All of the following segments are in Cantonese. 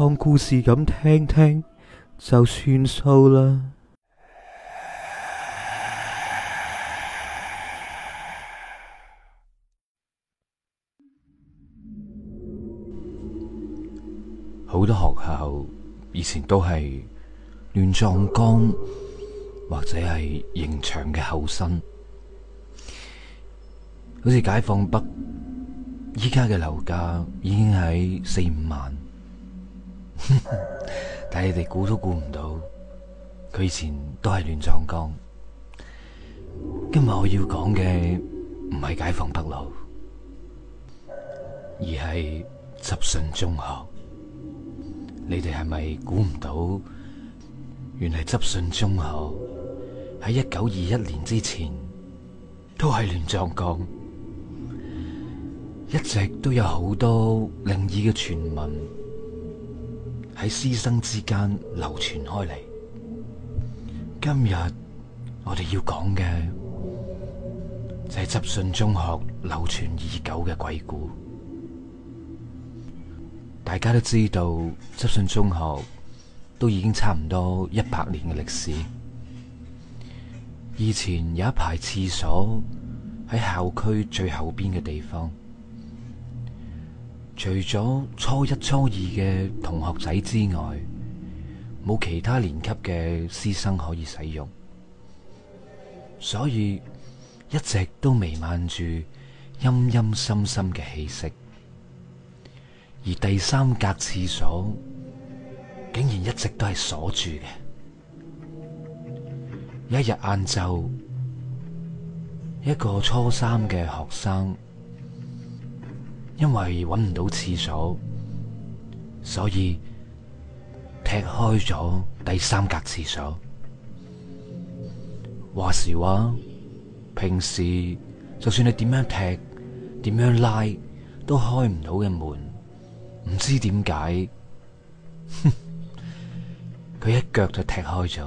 當故事咁聽聽就算數啦。好多學校以前都係亂葬崗或者係刑場嘅後身，好似解放北，依家嘅樓價已經喺四五萬。 但係你哋估都估唔到，佢以前都係亂葬崗。今日我要講嘅唔係解放北路，而係執信中學。你哋係咪估唔到？原嚟執信中學喺一九二一年之前都係亂葬崗，一直都有好多靈異嘅傳聞。喺師生之間流傳開嚟。今日我哋要講嘅就係執信中學流傳已久嘅鬼故。大家都知道執信中學都已經差唔多一百年嘅歷史。以前有一排廁所喺校區最後邊嘅地方。除咗初一、初二嘅同學仔之外，冇其他年級嘅師生可以使用，所以一直都彌漫住陰陰森森嘅氣息。而第三格廁所竟然一直都係鎖住嘅。一日晏晝，一個初三嘅學生。因為搵唔到廁所，所以踢開咗第三格廁所。話時話，平時就算你點樣踢，點樣拉，都開唔到嘅門。唔知點解，佢一腳就踢開咗。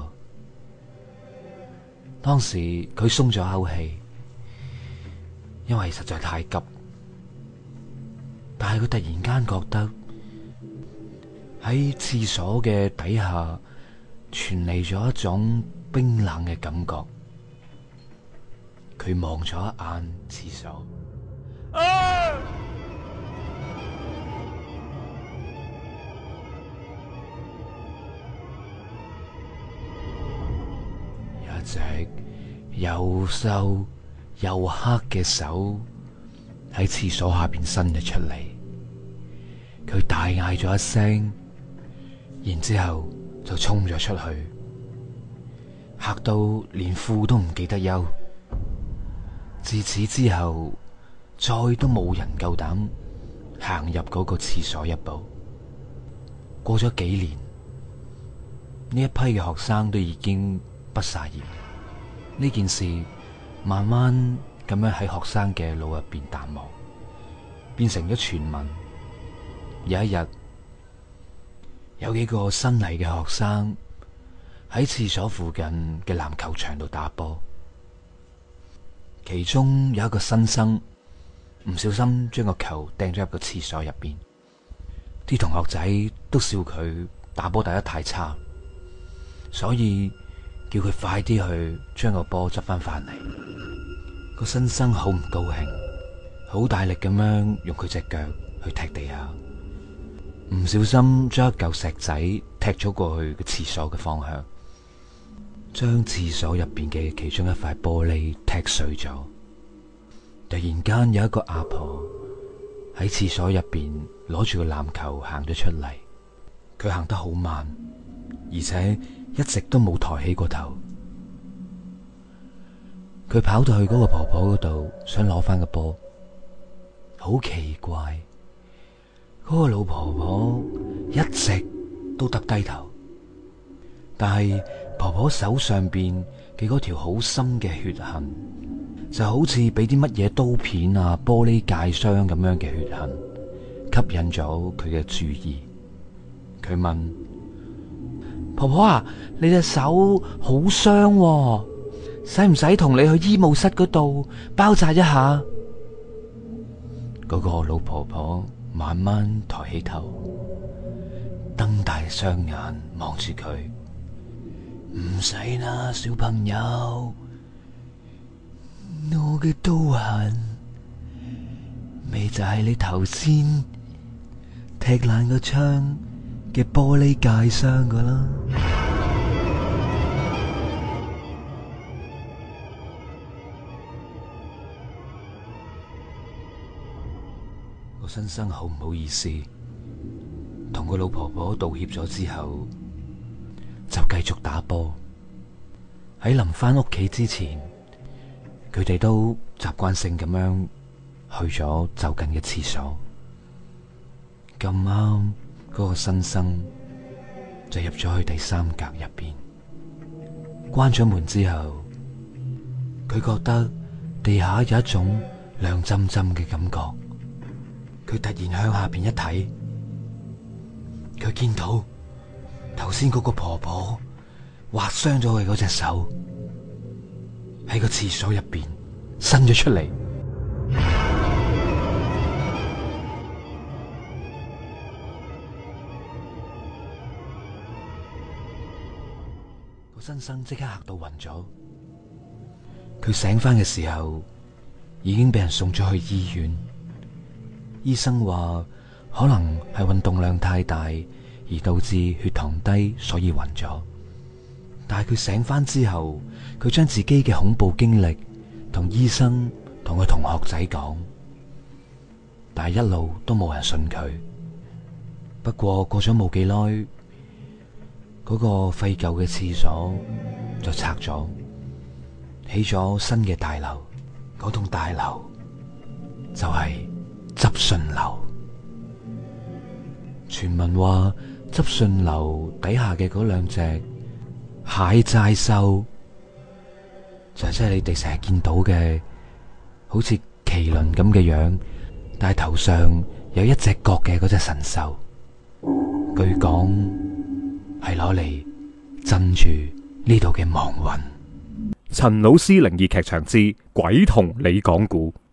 當時佢鬆咗口氣，因為實在太急。但係佢突然間覺得喺廁所嘅底下傳嚟咗一種冰冷嘅感覺，佢望咗一眼廁所，有一隻又瘦又黑嘅手喺廁所下邊伸咗出嚟。佢大嗌咗一聲，然之後就衝咗出去，吓到連褲都唔記得休。自此之後，再都冇人夠膽行入嗰個廁所一步。過咗幾年，呢一批嘅學生都已經畢晒業，呢件事慢慢咁樣喺學生嘅腦入邊淡忘，變成咗傳聞。有一日，有幾個新嚟嘅學生喺廁所附近嘅籃球場度打波，其中有一個新生唔小心將個球掟咗入個廁所入邊，啲同學仔都笑佢打波打得太差，所以叫佢快啲去將個波執翻返嚟。個新生好唔高興，好大力咁樣用佢隻腳去踢地下。唔小心將一嚿石仔踢咗過去個廁所嘅方向，將廁所入邊嘅其中一塊玻璃踢碎咗。突然間有一個阿婆喺廁所入邊攞住個籃球行咗出嚟，佢行得好慢，而且一直都冇抬起個頭。佢跑到去嗰個婆婆嗰度，想攞返個波，好奇怪。嗰個老婆婆一直都耷低頭，但係婆婆手上邊嘅嗰條好深嘅血痕，就好似俾啲乜嘢刀片啊、玻璃界傷咁樣嘅血痕，吸引咗佢嘅注意。佢問婆婆啊：你隻手好傷，啊，使唔使同你去醫務室嗰度包紮一下？嗰個老婆婆。慢慢抬起頭，瞪大雙眼望住佢。唔使啦，小朋友，我嘅刀痕咪就係你頭先踢爛個窗嘅玻璃界傷㗎啦。新生好唔好意思，同個老婆婆道歉咗之後，就繼續打波。喺臨返屋企之前，佢哋都習慣性咁樣去咗就近嘅廁所。咁啱，嗰個新生就入咗去第三格入邊，關咗門之後，佢覺得地下有一種涼浸浸嘅感覺。佢突然向下邊一睇，佢見到頭先嗰個婆婆劃傷咗佢嗰隻手，喺個廁所入邊伸咗出嚟，個新 生即刻嚇到暈咗。佢醒翻嘅時候，已經俾人送咗去醫院。醫生話可能係運動量太大而導致血糖低，所以暈咗。但係佢醒返之後，佢將自己嘅恐怖經歷同醫生同個同學仔講，但係一路都冇人信佢。不過過咗冇幾耐，嗰個廢舊嘅廁所就拆咗，起咗新嘅大樓。嗰棟大樓就係。執信樓，傳聞話執信樓底下嘅嗰兩隻蟹齋獸，就即係你哋成日見到嘅，好似麒麟咁嘅樣，但係頭上有一隻角嘅嗰隻神獸，據講係攞嚟鎮住呢度嘅亡魂。陳老師靈異劇場之鬼同你講古」。